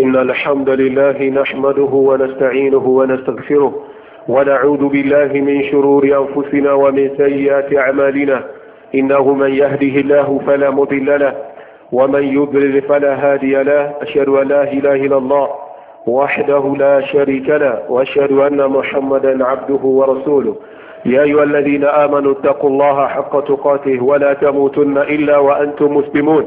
إن الحمد لله نحمده ونستعينه ونستغفره ونعوذ بالله من شرور أنفسنا ومن سيئات أعمالنا إنه من يهده الله فلا مضل له ومن يضلل فلا هادي له أشهد أن لا إله إلا الله وحده لا شريك له وأشهد أن محمدا عبده ورسوله يا أيها الذين آمنوا اتقوا الله حق تقاته ولا تموتن إلا وأنتم مسلمون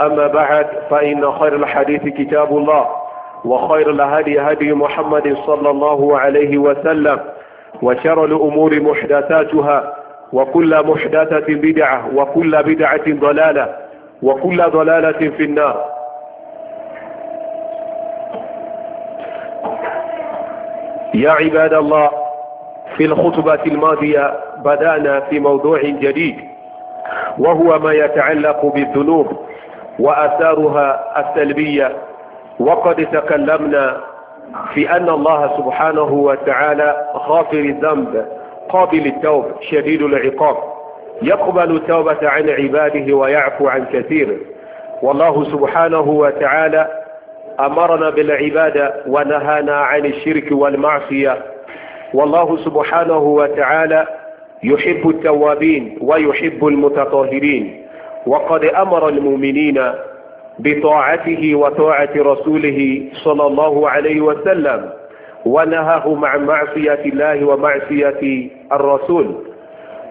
أما بعد فإن خير الحديث كتاب الله وخير الهدي هدي محمد صلى الله عليه وسلم وشر الأمور محدثاتها وكل محدثة بدعة وكل بدعة ضلالة وكل ضلالة في النار يا عباد الله في الخطبة الماضية بدأنا في موضوع جديد وهو ما يتعلق بالذنوب وآثارها السلبية وقد تكلمنا في أن الله سبحانه وتعالى غافر الذنب قابل التوب شديد العقاب يقبل التوبة عن عباده ويعفو عن كثير والله سبحانه وتعالى أمرنا بالعبادة ونهانا عن الشرك والمعصية والله سبحانه وتعالى يحب التوابين ويحب المتطهرين وقد أمر المؤمنين بطاعته وطاعة رسوله صلى الله عليه وسلم ونهاهم عن معصية الله ومعصية الرسول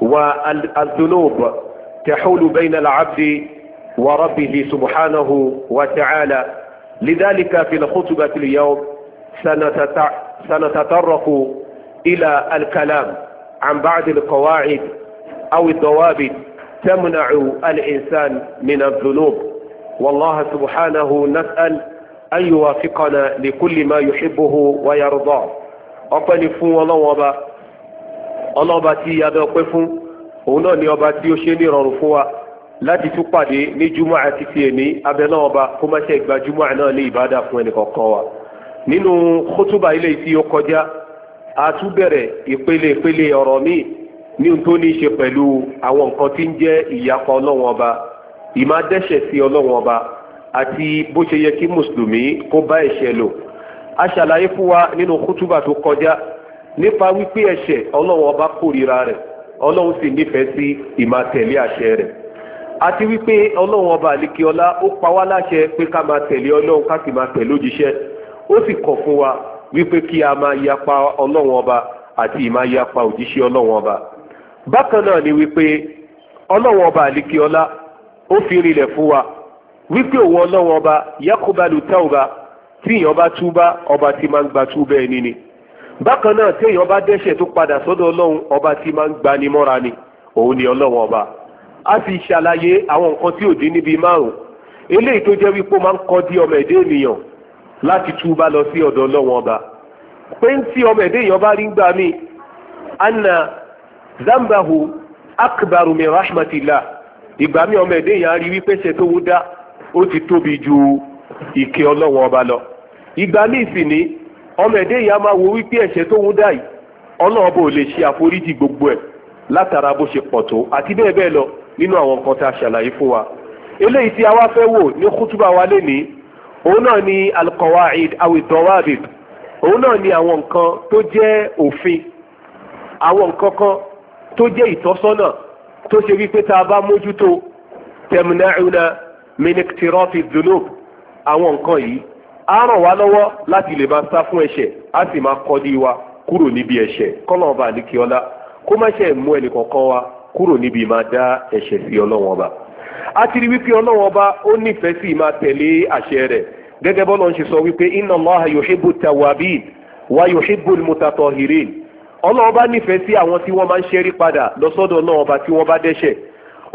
والذنوب تحول بين العبد وربه سبحانه وتعالى لذلك في الخطبة اليوم سنتطرق إلى الكلام عن بعض القواعد أو الضوابط تمنع الإنسان من الذنوب والله سبحانه نسأل أن يوافقنا لكل ما يحبه ويرضاه ọpẹ́ni fún ọlọ́wọ́n ọba ọlọ́ọba tí adé ọpẹ́ fún òun náà ni ọba tí ó ṣe ní ìrọ̀rùn fún wa láti tún pàdé ní júmọ́ àti ti èmi abẹ náà ọba kó má ṣe gba júmọ́ náà ní ìbádà fún ẹnì kọ̀ọ̀kan wa nínú kótóbà ilé tí ó kọjá a tún bẹ̀rẹ̀ ìpele ìpele ọ̀rọ̀ míì ní tó ní ṣe pẹ̀lú àwọn nǹkan tí ń jẹ́ ìyapa ọlọ́run ọba ìmá dẹ́ṣẹ̀ sí ọlọ́run ọba àti bó ṣe yẹ kí mùsùlùmí kó bá ẹ̀ṣẹ̀ lò a ṣàlàyé fún wa nínú kútúbà tó kọjá nípa wípé ẹ̀ṣẹ̀ ọlọ́run ọba kórìíra rẹ̀ ọlọ́run sì nífẹ̀ẹ́ sí ìmá tẹ̀lé àṣẹ rẹ̀ àti wípé ọlọ́run ọba àlekíọlá ó pa wá láṣẹ pé ká máa tẹ̀lé ọlọ́run ká sì máa tẹ̀lé òjíṣẹ́ ó sì kọ̀ fún wa wípé kí a máa yapa ọlọ́run ọba àti ìmáa yapa òjíṣẹ́ ọlọ́run ọba bákan náà ni wípé ọlọ́wọ́n ọba àlekí ọlá ó fi rinlẹ̀ fún wa wípé òun ọlọ́wọ́n ọba yakubalu tauba tí èèyàn bá túbá ọba tí máa ń gba túbá ẹni ni bákan náà tí èèyàn bá dẹ́ṣẹ̀ tó padà sọ́dọ̀ ọlọ́run ọba tí máa ń gbani mọ́ra ni òun ni ọlọ́wọ́n ọba a sì ṣàlàyé àwọn nǹkan tí ò dín níbi márùn eléyìí tó jẹ́ wípé ó máa ń kọ́ di ọmọ ẹ̀dẹ́ ènìyàn láti túbá lọ sí ọ̀dọ̀ ọlọ́wọ́n ọba pé ń tí ọmọ ẹ̀dẹ́ èèyàn bá rí ń gbà mí anna zambahu akbaru min rahmatillah ìgbà mi ọmọ ẹ̀dẹ́ yẹn á rí wípé ṣe tó wú dá ó ti tóbi ju ìkẹ́ ọlọ́wọ́n ọba lọ ìgbà mi sì ni ọmọ ẹ̀dẹ́ yẹn á máa wo wípé ẹ̀ṣẹ̀ tó wú dá yìí ọlọ́wọ́n bò lè ṣe àforíjì gbogbo ẹ̀ látara bó ṣe pọ̀ tó àti bẹ́ẹ̀ bẹ́ẹ̀ lọ nínú àwọn nǹkan tá a ṣàlàyé fún wa eléyìí tí a wá fẹ́ wò ní kútúbà wa lénìí òun náà ni alqawaid awi dawabit òun náà ni àwọn nǹkan tó jẹ́ òfin àwọn nǹkan kan tó jẹ́ ìtọ́sọ́nà tó ṣe wípé tá a bá mójútó tẹmínàìúnà miniktirọ́fì dunub àwọn nǹkan yìí á ràn wá lọ́wọ́ láti lè máa sá fún ẹ̀ṣẹ̀ á sì máa kọ́ ní wa kúrò níbi ẹ̀ṣẹ̀ kọ́lọ́n ọba àdìkíọ́lá kó má ṣe mú ẹnì kọ̀ọ̀kan wa kúrò níbi máa dá ẹ̀ṣẹ̀ sí ọlọ́wọ́n ọba a ti rí wípé ọlọ́wọ́n ọba ó nífẹ̀ẹ́ sí máa tẹ̀lé àṣẹ rẹ̀ gẹ́gẹ́ bọ́lọ́n ṣe sọ wípé inna Allaha yuhibbu tawabin wa yuhibbu mutatahirin ọlọ́run bá nífẹ̀ẹ́ sí àwọn tí wọ́n máa ń padà lọ́sọ́dọ̀ ọba tí wọ́n bá dẹ́ṣẹ̀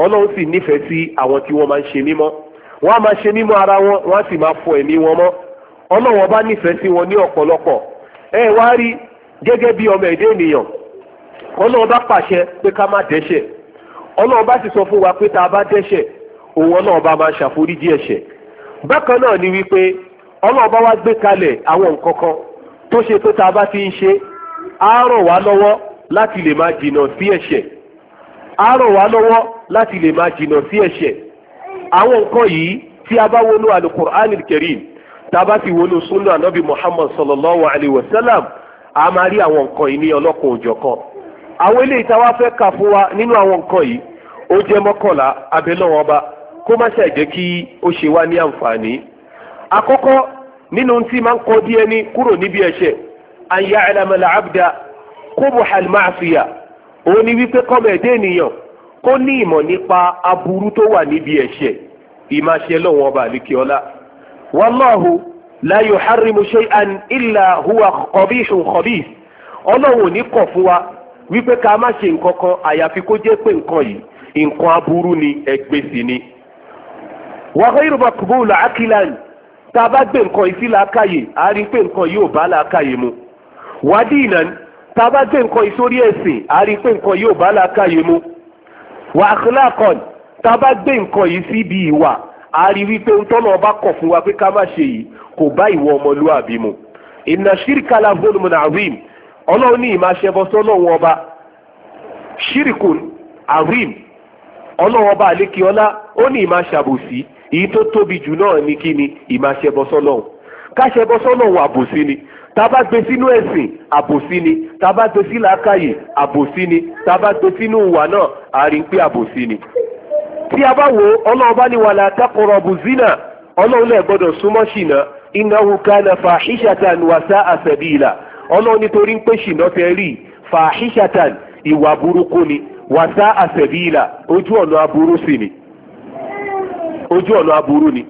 ọlọ́run sì nífẹ̀ẹ́ sí àwọn tí wọ́n máa ń ṣe mímọ́ wọ́n á máa ṣe mímọ́ ara wọn wọ́n á sì fọ ẹ̀mí wọn mọ́ ọlọ́run ọba nífẹ̀ẹ́ wọn ní ọ̀pọ̀lọpọ̀ ẹ wá rí gẹ́gẹ́ bí ọmọ ẹ̀dẹ́ ènìyàn ọlọ́run bá pàṣẹ pé ká má dẹ́ṣẹ̀ ọlọ́run bá sọ fún wa pé tá a bá dẹ́ṣẹ̀ òun ọlọ́run bá máa ṣàforíjì ẹ̀ṣẹ̀ náà ni wípé ọlọ́run bá wá gbé kalẹ̀ àwọn nǹkan kan tó ṣe pé tá a á rọ̀ wá lọ́wọ́ láti lè máa jìnà sí ẹ̀ṣẹ̀ á rọ̀ wá lọ́wọ́ láti lè máa jìnà sí ẹ̀ṣẹ̀ àwọn nǹkan yìí tí a bá wọnú alukur'anil karim tá a bá ti wọnú sunna anabi muhammad sallallahu alayhi wa sallam a máa rí àwọn nǹkan yìí ní ọlọ́kan òjọ̀kan àwọn eléyìí tá a wá fẹ́ kà fún wa nínú àwọn nǹkan yìí ó jẹ́ mọ́kànlá abẹ́lọ́wọ́n ọba kó má ṣàì kí ó ṣe wá ní àǹfààní. àkọ́kọ́ nínú tí máa ń kọ́ díẹ̀ ní kúrò níbi ẹ̀ṣẹ̀ an ya'lama al-abda qubuha al-ma'siya òun ni wípé kọ́mọ ẹ̀dẹ́ ènìyàn kó ní ìmọ̀ nípa aburú tó wà níbi ẹ̀ṣẹ̀ ìmáṣe lọ́wọ́ ọba àlekíọ́lá wallahu la yuharrimu shay'an illa huwa qabihun khabith ọlọ́run ò ní kọ̀ fún wa wípé ká má ṣe nǹkan kan àyàfi kó jẹ́ pé nǹkan yìí nǹkan aburú ni ẹgbẹ́ sí ni. wa ghayru maqbul aqilan tá a bá gbé nǹkan yìí sí làákàyè àá pé nǹkan yìí ò bá làákàyè mu wádìí ìnáni tá a bá gbé nǹkan ìsórí ẹ̀sìn a rí i pé nǹkan yóò bá làákàyè mu wà á kílà kan tá a bá gbé nǹkan yìí síbi ìwà a rí i wípé ntọ́nà ọba kọ̀ fún wa pé ká má ṣe yìí kò bá ìwọ ọmọlúwàbí mu ìnà ṣíríkà la volumu na rim ọlọ́run ní ìmọ̀ aṣẹ́bọ sọ́lọ́run ọba ṣírìkùn arim ọlọ́run ọba àlékè ọlá ó ní ìmọ̀ aṣàbòsí èyí tó tóbi jù náà ní kíni ìmọ̀ aṣẹ́bọ sọ́lọ́run káṣẹ́bọ sọ́lọ́run àbòsí ni tába gbé sínú ẹ̀sìn àbòsí ni tába gbé sí làákàyè àbòsí ni tába gbé sínú ìwà náà àárín àbòsí ni. tí a bá wo ọlọ́run bá ní wàlá taqrabu zina ọlọ́run lè gbọ́dọ̀ súnmọ́ ṣìnà innahu kana fahishatan wa sa'a sabila ọlọ́run nítorí pé ṣìnà tẹ rí fahishatan ìwà burúkú ni wa sa'a sabila ojú ọ̀nà aburú ni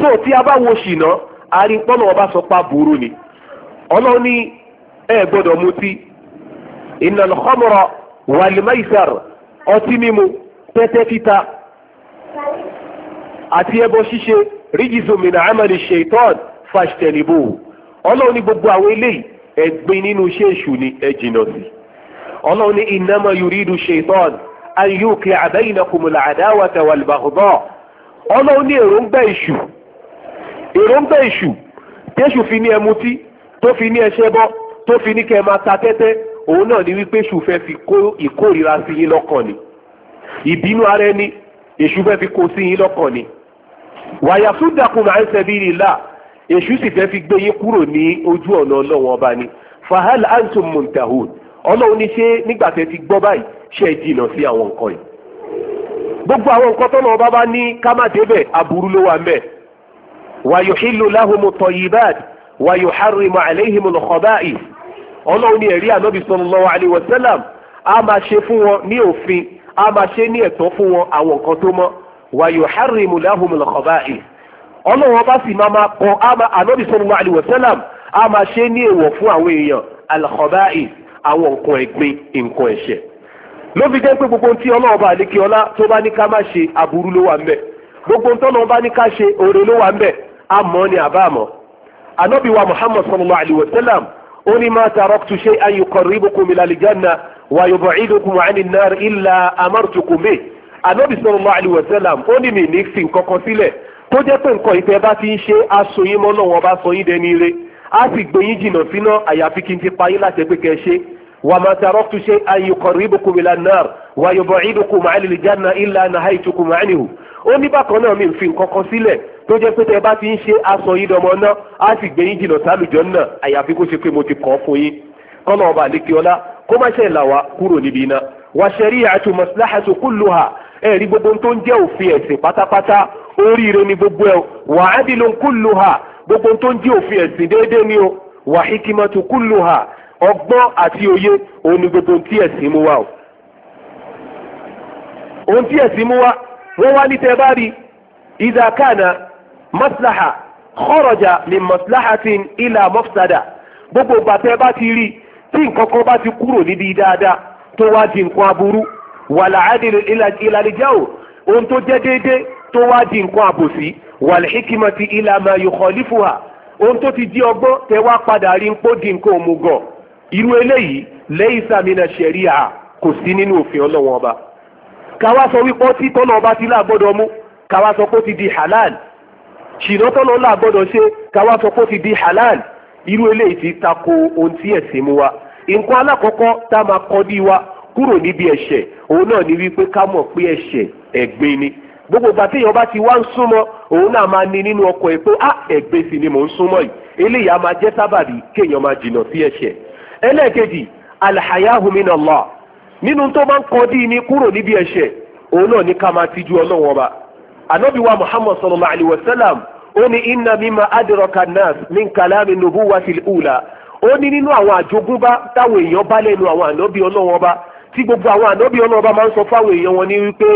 so tí a bá wo ṣìnà àárín pọ́nà ọba sọ pa burú ni ọlọ́run ní ẹ gbọ́dọ̀ mutí innal khamra wal maisar ọtí mímu tẹ́tẹ́ títa àti ẹbọ ṣíṣe rígìzù min amali shaitan fàṣtẹ̀nìbò ọlọ́run ní gbogbo àwọn eléyìí ẹ̀gbin nínú iṣẹ́ èṣù ni ẹ jìnnà sí ọlọ́run ní innama yuridu shaitan an yuqi'a baynakumul adawata wal èròǹgbà èṣù èròǹgbà èṣù tẹ́ṣù fi ní ẹmutí tó fi ní ẹṣẹ́ bọ́ tó fi ní kẹ́ máa ta tẹ́tẹ́ òun náà ni wípé èṣù fẹ́ fi kó ìkórira sí yín lọ́kàn ni ìbínú ara ẹni èṣù fẹ́ fi kó sí yín lọ́kàn ni wàyà fúdàkùn máa ń sẹ́bi ìlà èṣù sì fẹ́ fi gbé yín kúrò ní ojú ọ̀nà ọlọ́wọ́n ọba ni fahal antum muntahun ọlọ́run ní ṣe nígbà tẹ́ ti gbọ́ báyìí ṣe jìnnà sí àwọn nǹkan yìí gbogbo àwọn nǹkan tọ́nà ọba bá ní ká má débẹ̀ aburú ló wà mẹ́ wàyò ìlú láhùnmù tọ̀yìbáàdì wa yuharrimu alayhim al-khaba'ith ọlọ́run ní ẹ̀rí ànábì sallallahu alayhi wa sallam a máa ṣe fún wọn ní òfin a máa ṣe ní ẹ̀tọ́ fún wọn àwọn nǹkan tó mọ́ wa yuharrimu lahum al-khaba'ith ọlọ́run ọba sì máa máa kọ ànábì sallallahu alayhi wa sallam a máa ṣe ní èèwọ̀ fún àwọn èèyàn al-khaba'ith àwọn nǹkan ẹ̀gbin nǹkan ẹ̀ṣẹ̀ anabi wa muhammad sallallahu alayhi wa sallam ó ní ma taraktu shay'an yuqarribukum ila al-janna wa yub'idukum 'ani an-nar illa amartukum bih anabi sallallahu alayhi wa sallam ó ní mi ní fi nǹkankan sílẹ̀ tó jẹ́ pé nǹkan ìfẹ́ bá ti ń ṣe aṣoyin mọ́ náà wọ́n bá sọ yín dẹni ire a sì gbé yín jìnnà síná àyàfi kí ti pa yín láti ẹgbẹ́ kẹ́ wa ma taraktu shay'an yuqarribukum ila an-nar wa yub'idukum 'ani al illa nahaytukum 'anhu ó ní bákan náà mi ń fi nǹkan kan sílẹ̀ tó jẹ́ pé tẹ́ bá ti ń ṣe aṣọ yín dọmọ náà á sì gbé yín jìnnà sálùjọ náà àyàfi kó ṣe pé mo ti kàn fún yín kọ́nà ọba àlekè ọlá kó má ṣe là kúrò níbi iná wà ṣẹ̀rí'atu maslahatu kulluha ẹ̀rí gbogbo tó ń jẹ́ òfin ẹ̀sìn pátápátá oríire ni gbogbo ẹ̀ wà adilun kulluha gbogbo tó ń jẹ́ òfin ẹ̀sìn déédéé ni o wà hikimatu kulluha ọgbọ́n àti òye òun ni gbogbo tí ẹ̀sìn mú wa o. tí ẹ̀sìn mú wa wọ́n wá ní tẹ́bá rí idha kana maslaha kharaja min maslahatin ila mafsada gbogbo ìgbà tẹ́ bá ti rí tí nǹkan kan bá ti kúrò níbi dáadáa tó wá di nǹkan aburú wàlà àdìrò ìlàlíjà o ohun tó jẹ́ déédéé tó wá di nǹkan àbòsí wàlà hikimati ila ma yukhalifuha ohun tó ti di ọgbọ́n tẹ́ wá padà rí ń pò di nǹkan òmùgọ̀ irú eléyìí laysa mina sharia kò sí nínú òfin ọlọ́wọ́n ọba. Kawaso sọ wípé tolo tọ́lọ́ ọba ti láàgbọ́dọ̀ mú káwá sọ pé ti di halal ṣìnà tọ́lọ́ la ṣe káwá sọ pé ti di halal irú eléyìí ti tako ohun tí ẹ̀sìn mú wa nǹkan alákọ̀ọ́kọ́ tá a máa kọ́ dí wa kúrò níbi ẹ̀ṣẹ̀ òun náà ni wípé ká mọ̀ pé ẹ̀ṣẹ̀ ẹ̀gbin ni gbogbo ìgbà téèyàn bá ti wá ń súnmọ́ òun náà máa ní nínú ọkọ̀ ẹ̀ pé á ẹ̀gbin sì ni mò ń súnmọ́ yìí eléyìí á máa jẹ́ sábàbí kéèyàn máa jìnnà sí ẹ̀ṣẹ̀ ẹlẹ́ẹ̀kejì alhayahu minallah nínú tó máa ń kọ́ ni ní kúrò níbi ẹ̀ṣẹ̀ òun náà ní ká máa tijú ọlọ́wọ́n ọba anabi wa muhammad sallallahu alayhi wa sallam ó ní inna mimma adraka nas min kalami nubuwatil ula ó ní nínú àwọn àjogúnbá táwọn èèyàn bá lẹ́nu àwọn ànábì ọlọ́wọ́n ọba tí gbogbo àwọn ànábì ọlọ́wọ́n ọba máa ń sọ fáwọn èèyàn wọn ní wípé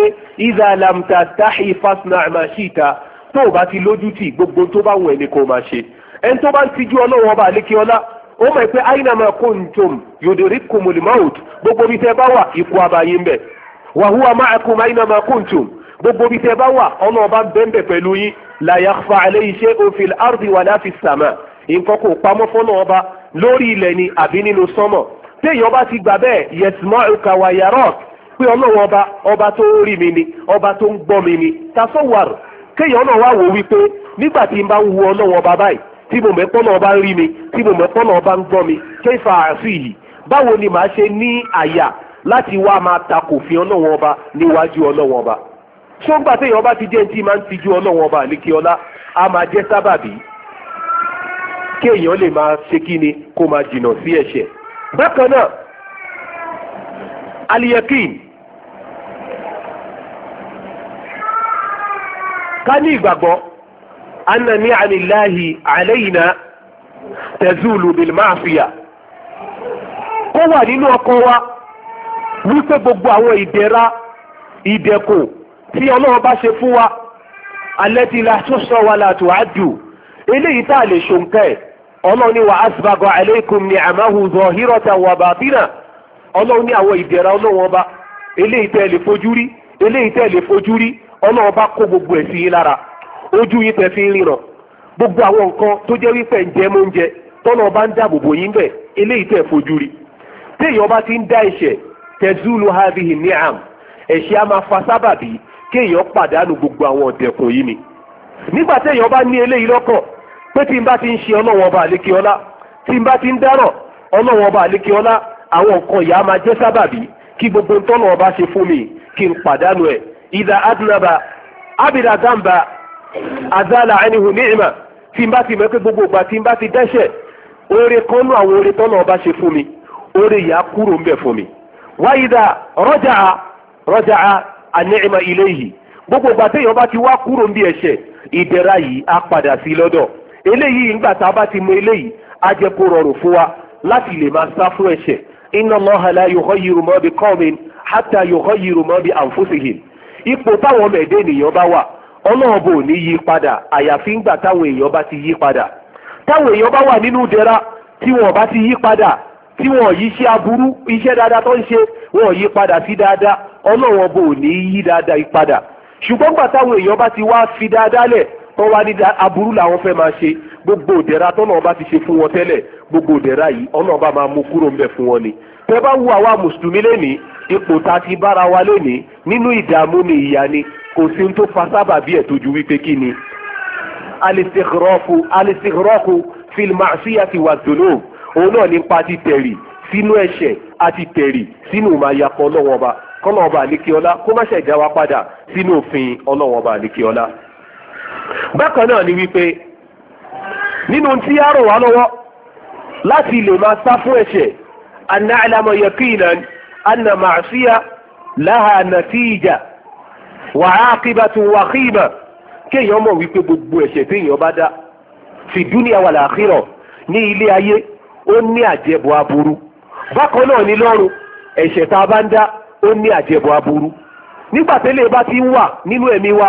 iza lam tastahi fasna ma shita tó o bá ti lójú tì gbogbo tó bá wù ẹni kó o máa ṣe ẹni tó bá ń tijú ọlọ́wọ́n ọba àlékè ó mọ̀ pé ainama kuntum yudrikkumul maut gbogbo bí tẹ́ bá wà ikú abayé ń bẹ̀ wàhúwa ma'akum aina ma kuntum gbogbo bí tẹ́ bá wà ọ̀nà ọba bẹ́ẹ̀ pẹ̀lú yín la yakhfa alayhi shay'un fil ardi wala fis sama nǹkan kò pamọ́ fọ́nà ọba lórí ilẹ̀ ni àbí nínú sọ́mọ̀ téèyàn bá ti gbà bẹ́ẹ̀ yasma'uka wa yarak pé ọlọ́wọ́ ọba ọba tó ń rí mi ni ọba tó ń gbọ́ mi ni tasowar kéèyàn náà wá wò wípé nígbà tí n bá ń wo ọlọ́wọ́ ọba báyìí tí mo mẹ́pọ́nà ọba ń rí mi tí mo mẹ́pọ́nà ọba ń gbọ́ mi kéfà àṣì yìí báwo ni màá ṣe ní àyà láti wá máa takò fi ọlọ́wọ́n ọba níwájú ọlọ́wọ́n ọba ṣó ń gbà téèyàn bá ti jẹ́ tí máa ń tijú ọlọ́wọ́n ọba àlékè ọlá a máa jẹ́ sábàbí kéèyàn lè máa ṣe kí ni kó máa jìnnà sí ẹ̀ṣẹ̀ bákan náà aliyekin ká ní ìgbàgbọ́ anna ní àníláhi tẹ̀zúlù bìlmáfíà kó wà nínú ọkọ wa wípé gbogbo àwọn ìdẹ̀ra ìdẹ̀kò tí ọlọ́run bá ṣe fún wa alẹ́tí la tó sọ wa la a lè ṣòǹkẹ́ ọlọ́run ní wa aleikum ni amahu zọhírọ̀tà wà bàbínà ọlọ́run ní àwọn eléyìí tẹ́ lè fojú rí eléyìí tẹ́ gbogbo ẹ̀ sí yín lára ojú yín gbogbo àwọn nǹkan tó jẹ́ wípé mọ́ tọ́lọ́ bá ń dáàbò bò téèyàn ọba ti ń dá ẹ̀ṣẹ̀ tẹ̀zúlù havihi ni'am ẹ̀ṣẹ̀ a máa fa sábàbí kéèyàn pàdánù gbogbo àwọn ọ̀dẹ̀kùn yìí ni nígbà bá ní eléyìí lọ́kàn pé tí n bá ti ń ṣe ọba àlékè ọlá tí n bá ti ń dáràn ọlọ́wọ́n ọba àlékè ọlá àwọn nǹkan ìyá máa jẹ́ sábàbí kí gbogbo ọba ṣe fún mi kí n pàdánù ẹ̀ ìdá ti mọ̀ gbogbo ìgbà tí n ti dẹ́ṣẹ̀ oore kan àwọn oore ọba ṣe fún mi oore ya kuro mbe fomi wa fún mi a rọ́jà rọ́jà gbogbo gbata téèyàn ti wa kuro mbi bí idera yi a á lọdọ sí lọ́dọ̀ eléyìí ńgbà ti mọ eleyi a je wa inna Allaha la yughayyiru ma bi qawmin hatta yughayyiru ma bi anfusihim ipò táwọn ọmọ ẹ̀dẹ́ ènìyàn bá ọlọ́run bò àyàfi táwọn èèyàn bá ti yí padà táwọn èèyàn bá wà nínú tí wọn ti yí padà tí wọ́n yí ṣe aburú iṣẹ́ dáadáa tó ń ṣe wọ́n yí padà sí dáadáa ọlọ́wọ́n bò ní yí dáadáa padà ṣùgbọ́n gbà táwọn èèyàn bá ti wá fi dáadáa lẹ̀ tó wá ní aburú làwọn fẹ́ máa ṣe gbogbo òdẹ̀ra tọ́nà bá ti ṣe fún wọn tẹ́lẹ̀ gbogbo òdẹ̀ra yìí ọ̀nà bá máa mú kúrò ńbẹ̀ fún wọn ni tẹ́ bá wù àwa mùsùlùmí lẹ́ni ipò tá ti bára wa lẹ́ni nínú ìdààmú ni ìyà ni kò sí ní tó fa sábàbí ẹ̀ tójú wípé kí ni alìsèkìrọ́kù alìsèkìrọ́kù fìlmàṣíyàtì wà òun náà ní pa ti tẹ̀rì sínú ẹ̀ṣẹ̀ àti tẹ̀rì sínú ìmáyapọ̀ ọlọ́wọ́n ọba kọ́nà ọba àlékíọ́lá kó má ṣẹ̀dá wa padà sínú òfin ọlọ́wọ́n ọba àlékíọ́lá. bákan náà ni wípé nínú tí a rọ̀ wá lọ́wọ́ láti lè máa sá fún ẹ̀ṣẹ̀ anna alama yaqinan anna ma'asiya laha natija wa aqibatu kéèyàn mọ̀ wípé gbogbo ẹ̀ṣẹ̀ téèyàn bá dá fi dúnìá wal akhirah ní ilé ayé ó ní àjẹbọ aburú bákan náà ni lọ́run ẹ̀ṣẹ̀ tá a bá ń dá ó ní àjẹbọ aburú nígbà tẹ́lẹ̀ bá ti ń wà nínú ẹ̀mí wa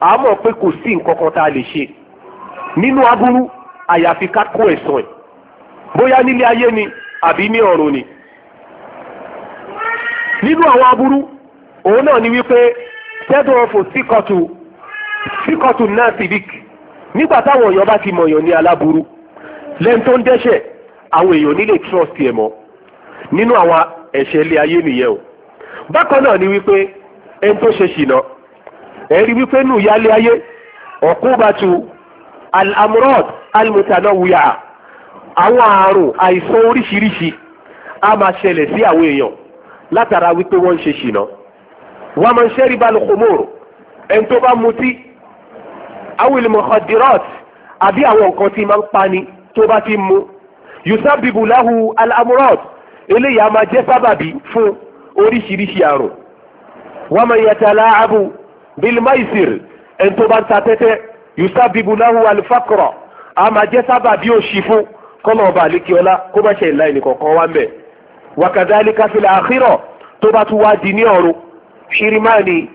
a mọ̀ pé kò sí nǹkan kan tá a lè ṣe nínú aburú àyàfi ká kó ẹ̀san ẹ̀ bóyá nílé ayé ni àbí ní ọ̀run ni nínú àwọn aburú òun náà ni wípé tẹ́dùn ọ̀fọ̀ síkọ̀tù síkọ̀tù náà sì nígbà táwọn èèyàn bá ti mọ̀yàn ní aláburú lẹ́ni tó ń dẹ́ṣẹ̀ àwọn èèyàn nílé trust ẹ̀ mọ́ nínú àwọn ẹ̀ṣẹ̀ ilé ayé nìyẹn o bákan náà ni wípé ẹni tó ṣe ṣìnà ẹ̀rí wípé nù yálé ayé ọ̀kúbatu al-amurad al-mutanawwiya àwọn àrùn àìsàn oríṣiríṣi a máa ṣẹlẹ̀ sí àwọn èèyàn látara wípé wọ́n ń ṣe ṣìnà wọ́n máa ń ṣẹ́rí balùkùmọ́rò ẹni tó bá mutí awil mukhadirat àbí àwọn nǹkan tí máa ń pani tó bá ti mu yusabibu lahu al-amurad eléyìí a máa jẹ́ sábàbí fún oríṣiríṣi àrùn wa man yatala'abu bilmaisir ẹni tó bá ń ta tẹ́tẹ́ yusabibu lahu al-faqra a máa jẹ́ sábàbí òṣì fún kọ́nà ọba àlékiọlá kó má ṣe ìlà ẹnìkọ̀ọ̀kan wá mẹ́ wa kadhalika fil akhirah tó bá tún wá di ní ọ̀run ṣirimani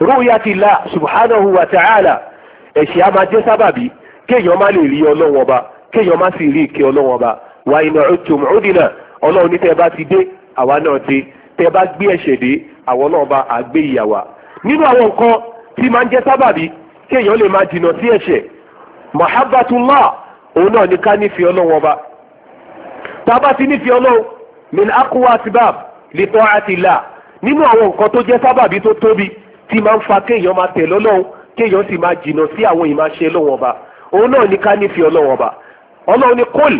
ru'yatillah subhanahu wa ta'ala ẹ̀ṣẹ̀ a máa jẹ́ sábàbí kéèyàn má lè rí ọlọ́wọ́n ọba kéèyàn má sì rí ìkẹ́ ọlọ́wọ́n ọba wà iná ọ̀tún ọ̀dínà ọlọ́run ní tẹ́ bá ti dé àwa náà dé tẹ́ bá gbé ẹ̀ṣẹ̀ dé àwọn náà bá àgbé ìyàwó nínú àwọn nǹkan tí máa ń jẹ́ sábàbí kéèyàn lè máa jìnnà sí ẹ̀ṣẹ̀ mahabbatullah òun náà ní ká nífẹ̀ẹ́ ọlọ́run ọba tá a bá ti nífẹ̀ẹ́ ọlọ́run min akuwa asibab li ta'atillah nínú àwọn nǹkan tó jẹ́ sábàbí tó tóbi tí máa ń fa kéèyàn máa tẹ̀ lọ́lọ́run kéèyàn sì máa jìnnà sí àwọn ìmáṣe ọlọ́run ọba òun náà ní ká nífẹ̀ẹ́ ọlọ́run ọba ọlọ́run ní kúl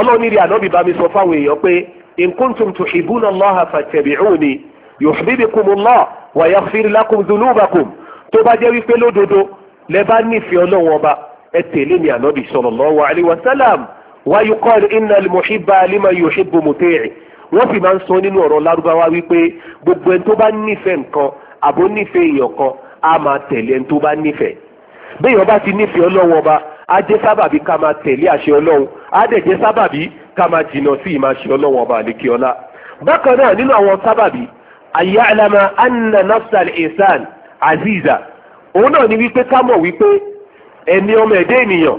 ọlọ́run ní rí ànábì bá mi sọ fáwọn èèyàn pé in kuntum tuhibbuna Allaha fattabi'uni yuhbibkumullah wa yaghfir lakum dhunubakum tó bá jẹ́ wípé lódodo lẹ bá nífẹ̀ẹ́ ọlọ́run ọba ẹ tẹ̀lé mi ànábì sallallahu alayhi wa sallam wa yuqal innal muhibba liman yuhibbu muti'i wọ́n sì máa ń sọ nínú ọ̀rọ̀ lárúbáwá wípé gbogbo ẹni tó bá nífẹ̀ẹ́ nǹkan àbó nífẹ̀ẹ́ èèyàn kan á máa tẹ̀lé ẹni tó bá nífẹ̀ẹ́ bẹ́ẹ̀ ọba ti nífẹ̀ẹ́ ọlọ́run á jẹ́ sábàbí ká máa tẹ̀lé àṣẹ ọlọ́run á dẹ̀ jẹ́ sábàbí ká máa jìnnà sí ìmáṣẹ ọlọ́run ọba àlekí ọlá. bákan náà nínú àwọn sábàbí àyà àlàmà anna nafsal ihsan aziza òun náà ni wípé ká mọ̀ wípé ẹ̀mí ọmọ ẹ̀dá ènìyàn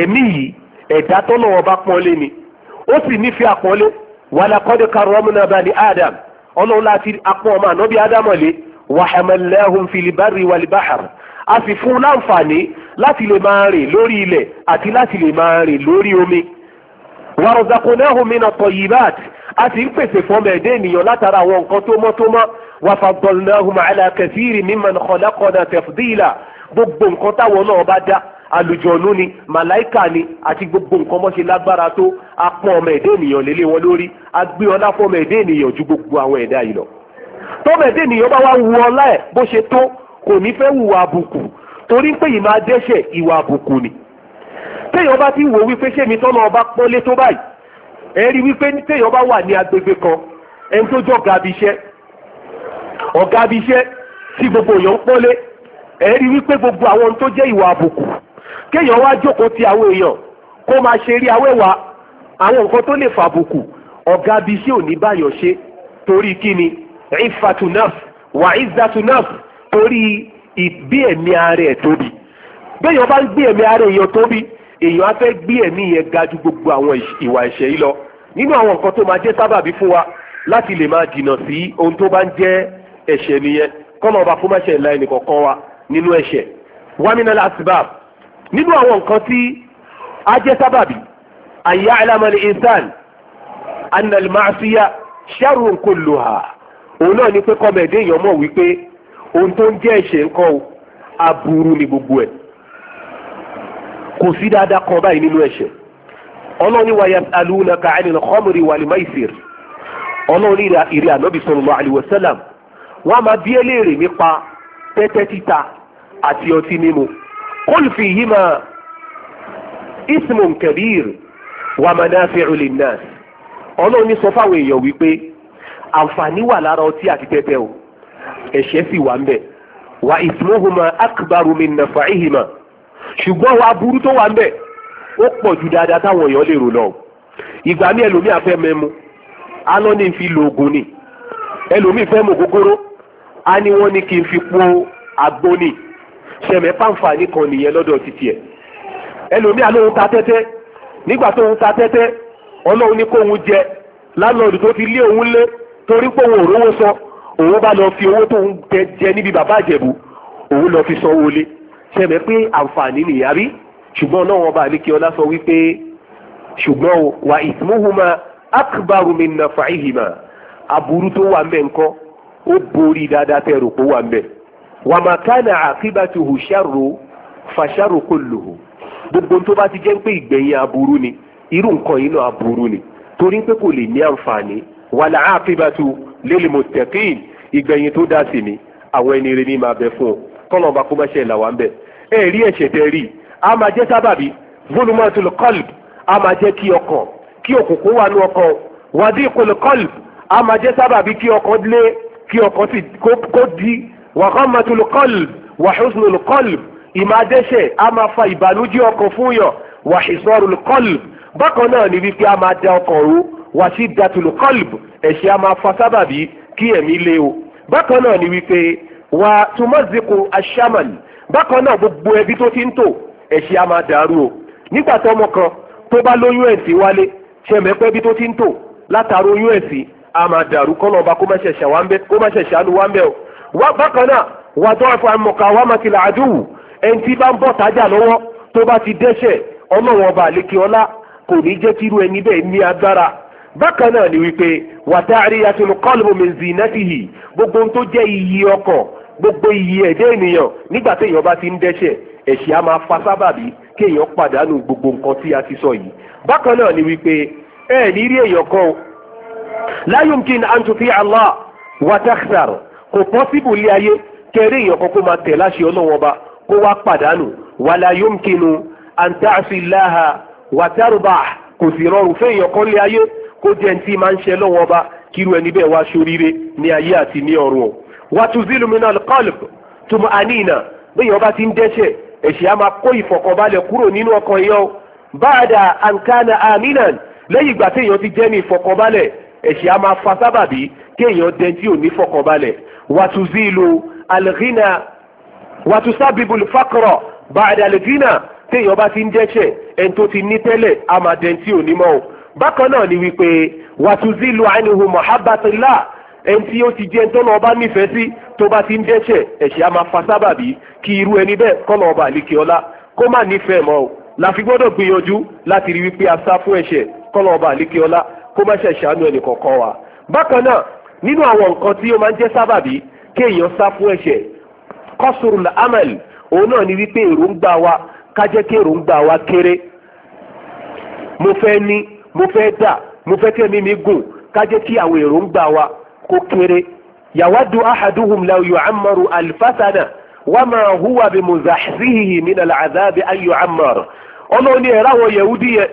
ẹ̀mí yìí ẹ̀dá tọ́lọ́wọ́ bá pọ́nlé ni ó sì nífẹ̀ẹ́ àpọ́nlé wàlàkọ́dé karọ́mùnà bani adam ọlọ́run láti apọ́n ọmọ ànábì ádámọ̀lé wàhámẹ́lẹ́hùn filibari wàlíbáhàr a sì fún un láǹfààní láti lè máa rìn lórí ilẹ̀ àti láti lè máa rìn lórí omi wàrọ̀dàkùnẹ́hùn mi náà tọ̀yìbáàt a sì ń pèsè fọmọ ẹ̀dẹ́ ènìyàn látara àwọn nǹkan tó mọ́ tó mọ́ wàfàgbọ̀nàhùn àlàkẹ́sìrì mímọ̀ kọ̀dàkọ̀dà tẹ̀fùdíìlà gbogbo nǹkan táwọn náà bá dá àlùjọ̀nú ni màláìkà ni àti gbogbo nǹkan mọ́ ṣe lágbára tó apọ̀ ọmọ ẹ̀dẹ́ ènìyàn lélẹ̀ wọn lórí agbé ọlá fọmọ ẹ̀dẹ́ ènìyàn ju gbogbo àwọn ẹ̀dá yìí lọ tọ́mẹ̀dé nìyẹn bá wá wu ọlá ẹ̀ bó ṣe tó kò ní fẹ́ wùwà àbùkù torí pé ìmọ̀ adẹ́ṣẹ̀ ìwà àbùkù ni téèyàn bá ti wò wípé ṣé mi tọ́nà ọba pọ́nlé tó báyìí ẹ rí wípé téèyàn bá wà ní agbègbè kan ẹni tó jọ ọ̀gá abiṣẹ́ ọ̀gá abiṣẹ́ tí gbogbo èèyàn ń ẹ rí wípé gbogbo àwọn tó jẹ́ ìwà àbùkù kéèyàn wá jókòó ti àwọn èèyàn kó máa ṣe rí awẹ́wà àwọn nǹkan tó lè fàbùkù ọ̀gá abiṣẹ́ ò báyọ̀ ṣe torí kíni ifatu naf wà izatu naf torí bí ẹ̀mí ara ẹ̀ tóbi bẹ́ẹ̀yàn bá ń gbé ẹ̀mí ara èèyàn tóbi èèyàn á fẹ́ gbé ẹ̀mí yẹn ga ju gbogbo àwọn ìwà ẹ̀ṣẹ̀ yìí lọ nínú àwọn nǹkan tó máa jẹ́ sábàbí fún wa láti lè máa jìnnà sí ohun tó bá ń jẹ́ ẹ̀ṣẹ̀ nìyẹn kọ́nà ọba fún máṣẹ̀ ńlá ẹnì kọ̀ọ̀kan wa nínú ẹ̀ṣẹ̀ wámínà lásìbáàb nínú àwọn nǹkan tí á jẹ́ sábàbí àyà alámọ̀lẹ̀ insan annalmasiya sharrun kulluha òun náà ni pé kọ́mẹ̀dé èèyàn mọ̀ wípé ohun tó ń jẹ́ ẹ̀ṣẹ̀ ńkọ́ o aburú ni gbogbo ẹ̀ kò sí dáadáa kan báyìí nínú ẹ̀ṣẹ̀ ọlọ́ni wa yas'alunaka 'anil khamri wal maisir ọlọ́ni ìrẹ́ ànábì sallallahu alaihi wasallam wọ́n á máa bí eléèrè nípa tẹ́tẹ́ títa àti ọtí mímu qul fihima ismun kabir wa manafi'u linnas ọlọ́ni sọ fáwọn èèyàn wípé àǹfààní wà lára ọtí àti tẹ́tẹ́ o ẹ̀ṣẹ̀ sì wà ń bẹ̀ wà ìsúnmọ́hùnmá akbaru min nàfàìhìmá ṣùgbọ́n wà burú tó wà ń bẹ̀ ó pọ̀ ju dáadáa táwọn èèyàn lè rò lọ ìgbà mi ẹlòmíà fẹ́ mẹ́mu alọ́ ní fi lo oògùn ni ẹlòmíì fẹ́ mọ gógóró a ní wọ́n ní kí n fi po àgbo ni ṣẹ̀mẹ̀ pàǹfààní kan nìyẹn lọ́dọ̀ títí ẹ̀ ẹlòmíì alóhun ta tẹ́tẹ́ nígbà tóhun ta tẹ́tẹ́ ọlọ́run ní kóhun jẹ lálọ́ọ̀dù tó fi lé òun lé torí pé òun ò rówó sọ òun bá lọ fi owó tó ń jẹ níbi bàbá àjẹ̀bù òun lọ fi sanwó lé ṣẹ̀mẹ̀ pé àǹfààní nìyá rí ṣùgbọ́n náà wọn bá ní kí ọlá sọ wípé ṣùgbọ́n o wà ìsúnmùhùmá akbaru min nafa'ihima aburú tó wà mẹ́ ńkọ́ ó borí dáadáa tẹ́ rò pé wà mẹ́ wà má kánà aqibatuhu sharru fasharru kulluhu gbogbo tó bá ti jẹ́ pé ìgbẹ̀yìn aburú ni irú nǹkan yìí náà aburú ni torí pé kò lè ní àǹfààní wàlà àkíbàtú lilmuttaqin ìgbẹ̀yìn tó dá sí ni àwọn ẹni rere ní máa bẹ fún ọ kọ́lọ̀ bá kó má ṣe ìlàwà ń bẹ̀ ẹ rí ẹ̀ṣẹ̀ tẹ rí a máa jẹ́ sábàbí zulumatul qalb a máa jẹ́ kí ọkàn kí òkùnkùn wà ní ọkàn wadiqul qalb a máa jẹ́ sábàbí kí ọkàn lé kí ọkàn sì kó di wa ghammatul qalb wa huznul a máa fa ìbànújẹ́ ọkàn fún yàn wa hisarul bákan náà ni wípé a máa da ọkàn rú wàṣí datul qalb ẹ̀ṣẹ̀ a máa fa sábàbí kí ẹ̀mí lé o bákan náà ni wípé wà tùmọ̀síkò aṣáman bákan náà gbogbo ẹbí tó ti ń tò ẹ̀ṣẹ̀ a máa dàrú o nígbà tó ọmọ kan tó bá lóyún ẹ̀sìn wálé ṣẹ̀mẹ́pẹ́ bí tó ti ń tò látàrí oyún ẹ̀sìn a máa dàrú kọ́nà ọba kó má ṣẹ̀ṣẹ̀ wá ń bẹ́ kó bákan náà wà tó àfọ àmọ̀ká wá máa tilẹ̀ àdúwù ẹni bá ń bọ̀ tájà lọ́wọ́ tó bá ti dẹ́ṣẹ̀ ọlọ́wọ́n ọba ọlá kò ní jẹ́ kírú ẹni bẹ́ẹ̀ ní agbára bákan náà ni wípé wàtáàrí atolukọ́lùmù mẹ́zìnátìhì gbogbo ohun tó jẹ́ iyì ọkọ̀ gbogbo iyì ẹ̀dẹ́ ènìyàn nígbà tí èèyàn bá ti ń dẹ́ṣẹ̀ ẹ̀ṣẹ̀ á máa fa sábàbí kí èèyàn pàdánù gbogbo nǹkan tí a ti sọ yìí bákan náà ni wípé ẹ ní rí èèyàn kan láyùmkin antufi allah wataxar kò pọ́sibù lé ayé kẹrí èèyàn kan kó máa tẹ̀ láṣẹ ọlọ́wọ́n ba kó wá pàdánù wàlàyùmkinu antaṣiláha watarubah kò sì rọrùn fún èèyàn kan lé ayé kó jẹ́ ní tí máa ń ṣe lọ́wọ́ ọba kíru ẹni bẹ́ẹ̀ wá ṣoríire ní ayé àti ní ọ̀run o. wàtúzílù min alqalb tùmọ̀ àníìnà bẹ́ẹ̀ ọba ti ń dẹ́ṣẹ̀ ẹ̀ṣẹ̀ á máa kó ìfọ̀kànbalẹ̀ kúrò nínú ọkàn yẹn o. báàdà àǹkánà àmínàn lẹ́yìn ìgbà téèyàn ti jẹ́ ní ìfọ̀kànbalẹ̀ ẹ̀ṣẹ̀ á máa fa sábàbí kéèyàn dẹ́ tí ò ní fọ̀kànbalẹ̀ wàtúzílù alghina wàtúsábìbù fàkọrọ̀ báàdà bákan náà ni wípé wàtúzílù àìníhù mọ̀hábàtìlá ẹni tí ó ti jẹ́ tó lọ́ọ́ bá nífẹ̀ẹ́ sí tó bá ti ń dẹ́ṣẹ̀ ẹ̀ṣẹ̀ á máa fa sábàbí kí irú ẹni bẹ́ẹ̀ kọ́ lọ́ọ́ bá àlékè ọlá kó má nífẹ̀ẹ́ mọ́ o la fi gbọ́dọ̀ gbìyànjú láti rí wípé a sá fún ẹ̀ṣẹ̀ kọ́ lọ́ọ́ bá àlékè ọlá kó má ṣẹ̀ṣàánú ẹnì kọ̀ọ̀kan wa bákan náà nínú àwọn nǹkan tí ó máa ń jẹ́ sábàbí kéèyàn sá fún ẹ̀ṣẹ̀ kọ́sùrù ni wípé èròǹgbà wa ká jẹ́ kí mo fẹ́ dà mo fẹ́ kẹ́mi mi gùn ká jẹ́ kí àwọn èròǹgbà wa kó kéré yàwádù ahaduhum law yu'ammaru alfasana wàmà huwa bi muzahzihi min al'azabi an yu'ammar ọlọ́ni ẹ̀rọ àwọn yahudi yẹ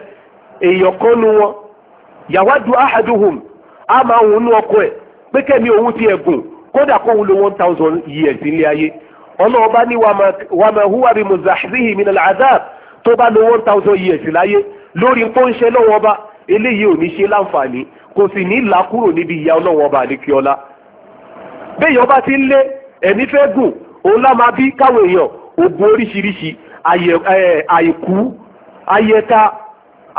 èèyàn wọn yàwádù ahaduhum a máa ń nu ọkọ ẹ̀ pé kẹ́mi òun ti ẹ̀gùn kódà kó wúlò one thousand years ilé ayé ọlọ́ọ̀bá ní wàmà huwa bi muzahzihi min al'azab tó bá lo one thousand years láyé lórí nǹkan ń ṣe lọ́wọ́ ọba eléyìí ò ní ṣe láǹfààní kò sì ní là kúrò níbi ìyá ọlọ́wọ́n ọba àlekí ọlá béèyàn bá ti ń lé ẹ̀mí fẹ́ gùn òun lá máa bí káwọn èèyàn ògùn oríṣiríṣi àìkú ayẹta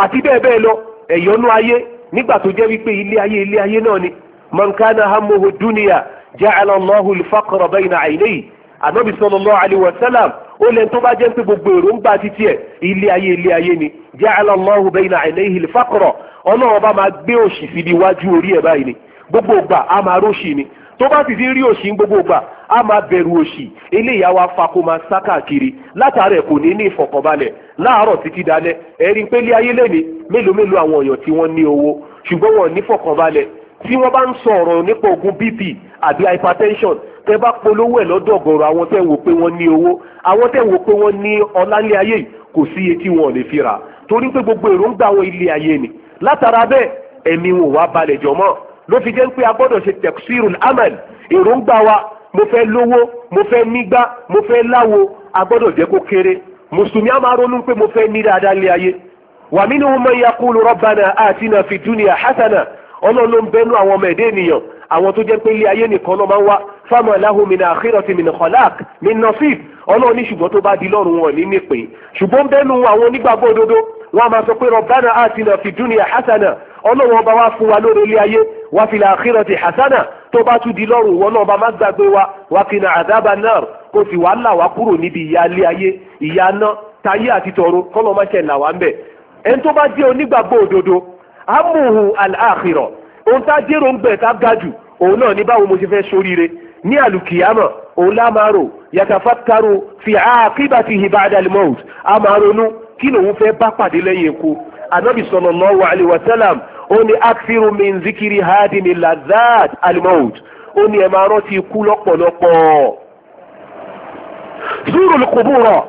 àti bẹ́ẹ̀ bẹ́ẹ̀ lọ ẹ̀yọ́nú ayé nígbà tó jẹ́ wípé ilé ayé ilé ayé náà ni mankana hamuhu duniya ja'ala Allahu al-faqra bayna ó lẹ́nu tó bá jẹ́ pé gbogbo èròǹgbà títí ẹ̀ ilé ayé ilé ayé ni ja'ala Allahu bayna 'aynayhi al-faqra ọlọ́run bá máa gbé òṣì síbi iwájú orí ẹ̀ báyìí ni gbogbo ògbà á máa róṣì ni tó bá sì ti rí òṣì gbogbo ògbà á máa bẹ̀rù òṣì eléyà wa fako máa sá káàkiri látàrẹ̀ kò ní ní ìfọ̀kànbalẹ̀ láàárọ̀ títí dalẹ̀ ẹ̀rí pé ilé ayé lẹ́ni mélòó mélòó àwọn èèyàn tí wọ́n ní owó ṣùgbọ́n wọn ní fọ̀kànbalẹ̀ tí wọ́n bá ń sọ̀rọ̀ nípa oògùn bp àbí hypertension tẹ bá polówó ẹ̀ lọ́dọ̀ ọ̀gọ̀rọ̀ àwọn tẹ̀ ń wò pé wọ́n ní owó àwọn tẹ̀ ń wò pé wọ́n ní ọlálẹ́ ayé yìí kò sí iye tí wọn ò lè fi rà torí pé gbogbo èròǹgbà àwọn ilé ayé ni látara bẹ́ẹ̀ ẹ̀mí wọn wá balẹ̀ jọmọ́ ló fi jẹ́ pé a gbọ́dọ̀ ṣe tẹ̀sírùn amal èròǹgbà wa mo fẹ́ lówó mo fẹ́ nígbà mo fẹ́ láwo a gbọ́dọ̀ jẹ́ kó kéré mùsùlùmí a máa ronú pé mo fẹ́ ní dáadáa lé ayé wa minhum man yaqulu rabbana atina fi dunya hasana ọlọ́run ló ń bẹnu àwọn ọmọ ẹ̀dẹ́ ènìyàn àwọn tó jẹ́ pé ilé ayé nìkan ló máa ń wá fámọ̀ láhùn mi náà àkírọ̀tì mi nìkọ̀láàk mi nọ́síf ọlọ́run ní ṣùgbọ́n tó bá di lọ́rùn wọn ní nípe ṣùgbọ́n bẹ́nu àwọn onígbàgbọ́ òdodo wọn a máa sọ pé rọ̀bánà àtinà fìdúnìyà hasana ọlọ́run ọba wa fún wa lórí ilé ayé wa fìlà àkírọ̀tì hasana tó bá tún di lọ́rùn wọn náà ọba má gbàgbé wa wa kìnà àdábà náà kò sì wá là wá kúrò níbi ìyà ilé ayé ìyà ná tayé àti tọ̀run kọ́lọ́ òun náà ní báwo mo ṣe fẹ́ ṣoríire ní àlùkìyàmọ̀ òun lámàrò yàtàfàtàrò fi àkíbàtì ìbàdàlmọ́t àmàrònú kí lòun fẹ́ bá pàdé lẹ́yìn ikú anabi sallallahu alayhi wa sallam ó ní akthiru min zikiri hadini lazat almọ́t ó ní ẹ máa rántí ikú lọ́pọ̀lọpọ̀ zurul qubura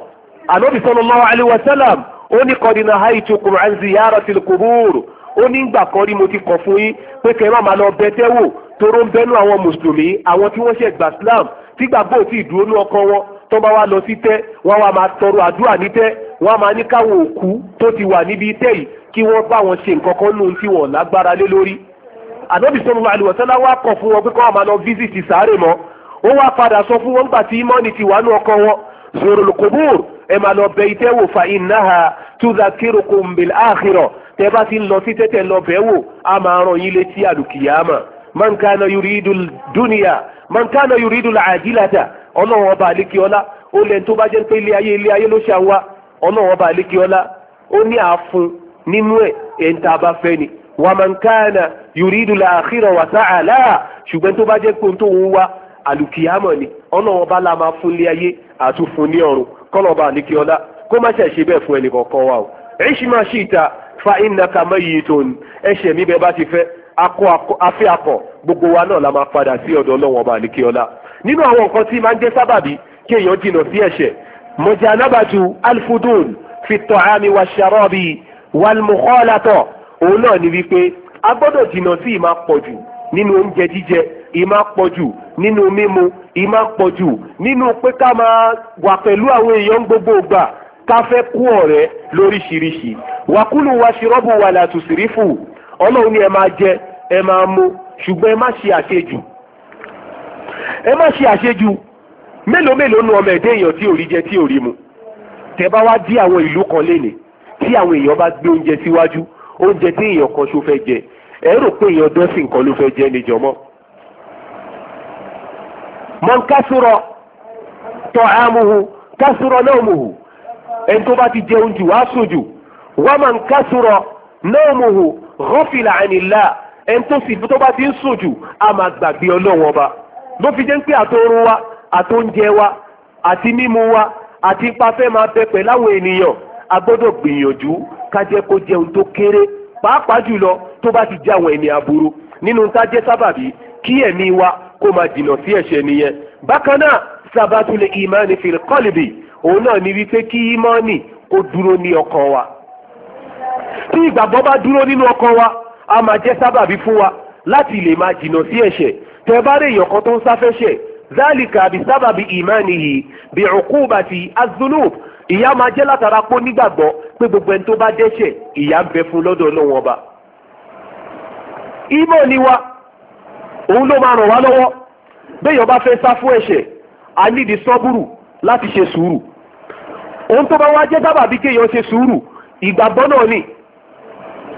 anabi sallallahu alayhi wa sallam ó ní qad nahaytukum an ziyaratil qubur ó ní ìgbà kan rí mo ti kọ̀ fún yín pé kẹ́ toró ń bẹ́nu àwọn mùsùlùmí àwọn tí wọ́n ṣe gbà Islam tí gbàgbọ́ ò tí ì dúró ní ọkàn wọn tó bá wá lọ sí tẹ́ wọ́n wá máa tọrọ àdúrà ní tẹ́ wọ́n á máa ní káwọn òkú tó ti wà níbi tẹ́ yìí kí wọ́n bá wọn ṣe nǹkan kan lóhun tí wọ́n lágbára lé lórí ànábì sọ́mu àlùwọ̀sánlá wá kọ̀ fún wọn pé kọ́ máa lọ visit sáré mọ́ ó wá padà sọ fún wọn gbà tí imọ́ni ti wà ní ọkàn wọn sọ̀rọ̀ lókòbóòr ẹ máa lọ bẹ itẹ́ wò fa innaha tudhakirukum bil akhirah tẹ́ bá ti lọ sí tẹ́tẹ́ lọ bẹ́ẹ̀ wò á máa rán yín létí àlùkìyàmà man kana yuridu dúnìyà man kana yuridu àjílàtà ọlọ́run ọba àlékiọ́lá ó lẹ́ni tó bá jẹ́ pé ilé ayé ilé ayé ló ṣe àwa ọlọ́run ọba àlékiọ́lá ó ní àfun nínú ẹ̀ ẹ̀ ń ta bá fẹ́ ni wa man kana yuridu àkírà wà sáà ṣùgbọ́n tó bá jẹ́ pé tó ń wá àlùkìyámọ̀ ni ọlọ́run ọba la máa fún ilé ayé àtúfun ní ọ̀run kọ́lọ̀ ọba àlékiọ́lá kó má ṣe ṣe bẹ́ẹ̀ fún ẹnì kọ̀ọ̀kan wa o. ìṣ akọ afẹ́ akọ gbogbo wa náà la máa padà sí ọ̀dọ̀ ọlọ́run ọba àlekè ọlá nínú àwọn nǹkan tí máa ń jẹ́ sábàbí kí èèyàn jìnnà sí ẹ̀ṣẹ̀ mọ̀jànàbàjù alfudun fi tọ̀hámi wa ṣàrọ́bì wàlmùkọ́látọ̀ òun náà ni wípé a gbọ́dọ̀ jìnnà sí ìmá pọ̀jù nínú oúnjẹ jíjẹ ìmá pọ̀jù nínú mímu ìmá pọ̀jù nínú pé ká máa wà pẹ̀lú àwọn èèyàn gbogbo ìgbà ká fẹ́ kú ọ̀rẹ́ lóríṣiríṣi wàkúlù wa ṣìrọ́bù wàlàtùsírífù ọlọ́run ní ẹ máa jẹ ẹ máa mu ṣùgbọ́n ẹ má ṣe àṣejù ẹ má ṣe àṣejù mélòó mélòó nu ọmọ ẹ̀dẹ́ èèyàn tí ò rí jẹ mu tẹ bá wá dí àwọn kan lénìí tí àwọn èèyàn bá gbé oúnjẹ síwájú oúnjẹ tí èèyàn kan ṣó fẹ́ jẹ ẹ rò pé èèyàn dọ́sìn kan ló fẹ́ jẹ níjọmọ́ mọ̀nkásúrọ̀ tọ́ àmúhu kásúrọ̀ náà mùhù ẹni ti jẹun jù wá sùn jù wọ́n náà rọ́fìlà ànilá ẹni tó sì tó bá ti ń sùn jù a máa gbàgbé ọlọ́wọ́n ọba ló fi jẹ́ pé àtòrun wa àtòúnjẹ wa àti mímu wa àti ipa fẹ́ máa bẹ pẹ̀ láwọn ènìyàn a gbọ́dọ̀ gbìyànjú ká jẹ́ kó jẹun tó kéré pàápàá jùlọ tó bá ti jẹ́ àwọn ẹni aburú nínú tá jẹ́ sábàbí kí ẹ̀mí wa kó máa dìnà sí ẹ̀ṣẹ̀ nìyẹn bákan náà sábàtúlẹ̀ ìmánì fil qalbi òun náà ní wípé kí ìmánì kó dúró ní ọkàn wa tí ìgbàgbọ́ bá dúró nínú ọkàn wa a máa jẹ́ sábàbí fún wa láti lè máa jìnnà sí ẹ̀ṣẹ̀ tẹ́ bá rí èèyàn kan tó ń sáfẹ́ṣẹ̀ zálìkà bí sábàbí ìmánìyí bí uqubati azunub ìyà máa jẹ́ látara pé nígbàgbọ́ pé gbogbo ẹni tó bá dẹ́ṣẹ̀ ìyà ń bẹ fún lọ́dọ̀ Ọlọ́hun Ọba. ìmọ̀ ni wa òun ló máa ràn wá lọ́wọ́ béèyàn bá fẹ́ sá fún ẹ̀ṣẹ̀ a nídìí sọ́bùrù láti ṣe sùúrù. ohun tó bá wá jẹ́ sábàbí kéèyàn ṣe sùúrù ìgbàgbọ́ náà ni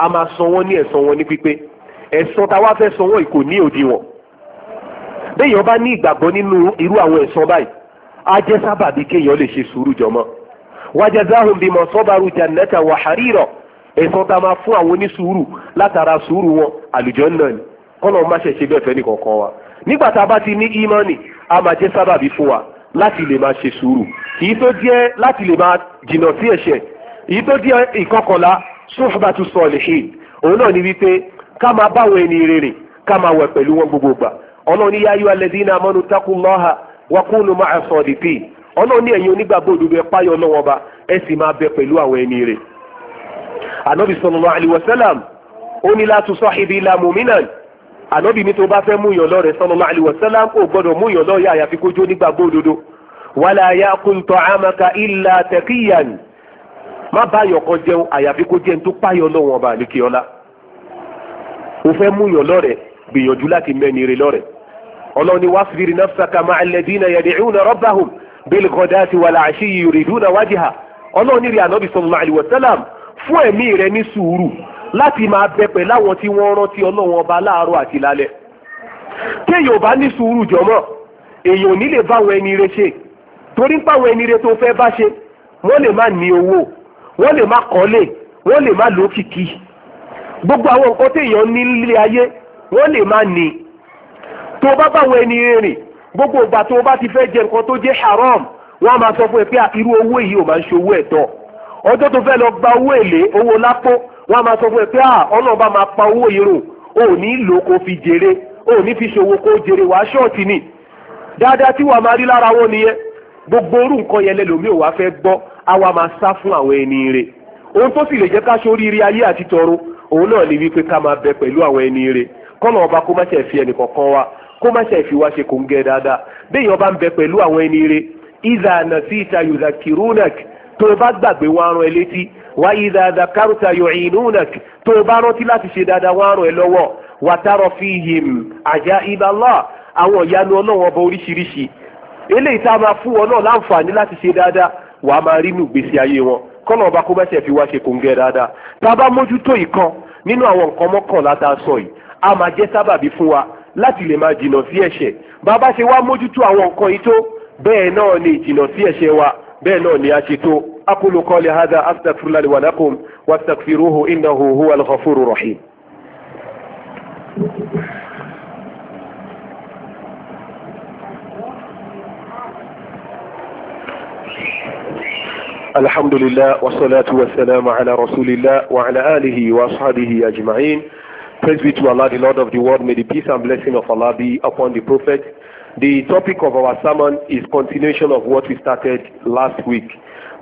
a máa san wọ́n ní ẹ̀san wọn ní pípé ẹ̀san tá a wá fẹ́ san wọ́n kò ní òdiwọ̀n béèyàn bá ní ìgbàgbọ́ nínú irú àwọn ẹ̀san báyìí á jẹ́ sábàbí kéèyàn lè ṣe sùúrù jọmọ́ wajazahum bima sabaru jannata wa harira ẹ̀san tá a máa fún àwọn onísùúrù látara sùúrù wọn àlùjánnà ni kọ́nà má ṣe ṣe bẹ́ẹ̀ fẹ́ nìkọ̀ọ̀kan wa nígbà tá a bá ti ní ímánì á máa jẹ́ sábàbí fún wa láti lè máa ṣe sùúrù kì í tó jẹ́ láti lè máa jìnnà sí ẹ̀ṣẹ̀ kì ṣùfàtú sọ̀lìhìn òun náà ni wípé ká máa báwọn ẹni rere ká máa wẹ̀ pẹ̀lú wọn gbogbo gbà ọlọ́run ní yáyọ alẹ́dínà amọ́nu takullaha wakunu máa sọ dìpì ọlọ́run ní ẹ̀yin onígbàgbọ́ òdodo ẹ páyọ lọ́wọ́ ba ẹ sì máa bẹ pẹ̀lú àwọn ẹni rere. ànábì sallallahu alaihi wasallam ó ní látú sọ́hìbì ilà mùmínàn ànábì ní tó bá fẹ́ múyàn lọ́rẹ̀ sallallahu má bá yọkan jẹun àyàfi kó jẹun tó páyọ lọ́wọ́ ọba àlékè ọlá o fẹ́ mú yàn lọ́rẹ̀ gbìyànjú láti mẹ́ni rẹ lọ́rẹ̀ ọlọ́ni wasbir nafsaka ma'a alladhina yad'una rabbahum bil ghadati wal 'ashiyyi yuriduna wajha ọlọ́ni rẹ ànábì sallallahu alaihi wasallam fún ẹ̀mí rẹ ní sùúrù láti máa bẹ pẹ̀lú àwọn tí wọ́n rántí ọlọ́wọ́n ọba láàárọ̀ àti lálẹ́ kéèyàn bá ní sùúrù jọmọ́ èèyàn ò ní lè báwọn ẹni rẹ ṣe torí pàwọn ẹni rẹ tó fẹ́ bá ṣe wọ́n lè má ní owó wọ́n lè má kọ́lé wọ́n lè má lókìkí gbogbo àwọn nǹkan téèyàn ní nílé ayé wọ́n lè má ní tó bá báwọn ẹni rìn gbogbo ìgbà tó bá ti fẹ́ jẹ nǹkan tó jẹ́ haram wọ́n á máa sọ fún ẹ pé irú owó yìí ò máa ń ṣe owó ẹ̀tọ́ ọjọ́ tó fẹ́ lọ gba owó èlé owó lápò wọ́n á máa sọ fún ẹ pé ọlọ́ọ̀bá máa pa owó yìí rò ò ní lò kó fi jèrè ò ní fi ṣòwò kó jèrè wá ṣọ́ọ̀tì ni dáadáa tí wàá máa rí lára wọn nìyẹn gbogbo orú nǹkan yẹn lẹ́lòmíì ò fẹ́ gbọ́ àwa máa sá fún àwọn ẹni rẹ̀ ohun tó sì lè jẹ́ ká ṣoríire ayé àti tọ̀run òun náà ni wípé ká máa bẹ pẹ̀lú àwọn ẹni rẹ̀ kọ́nà ọba kó má ṣe fi ẹnì kọ̀ọ̀kan wa kó má ṣe fi wá ṣe kò ń gẹ dáadáa béèyàn bá ń bẹ pẹ̀lú àwọn ẹni rẹ̀ ìdá àná sí ìta yorùbá kìrúnàk tó o bá gbàgbé wọn arán ẹ létí wá ìdá àdàkárùtà yorùbá tó o bá rántí láti ṣe dáadáa wọn arán ẹ lọ́wọ́ wàtárọ̀ fíhìm àjá ìbálá àwọn ìyanu ọlọ́wọ́ ọba oríṣiríṣi eléyìí tá a máa fún wọn náà láǹfààní láti ṣe dáadáa wà á máa rí nù gbèsè ayé wọn kọ́nà ọba kó bẹ́sẹ̀ fi wá ṣe kòǹgẹ́ dáadáa tá a bá mójútó ìkan nínú àwọn nǹkan mọ́kànlá tá a sọ yìí a máa jẹ́ sábàbí fún wa láti lè máa jìnnà sí ẹ̀ṣẹ̀ bàbá ṣe wá mójútó àwọn nǹkan yìí tó bẹ́ẹ̀ náà ni ìjìnnà sí ẹ̀ṣẹ̀ wa bẹ́ẹ̀ náà ni a ṣe tó aqulu qawli hadha astaghfirullahi wa lakum wastaghfiruhu innahu huwal ghafurur rahim. الحمد لله والصلاة والسلام على رسول الله وعلى آله وصحبه أجمعين Praise be to Allah, the Lord of the world. May the peace and blessing of Allah be upon the Prophet. The topic of our sermon is continuation of what we started last week.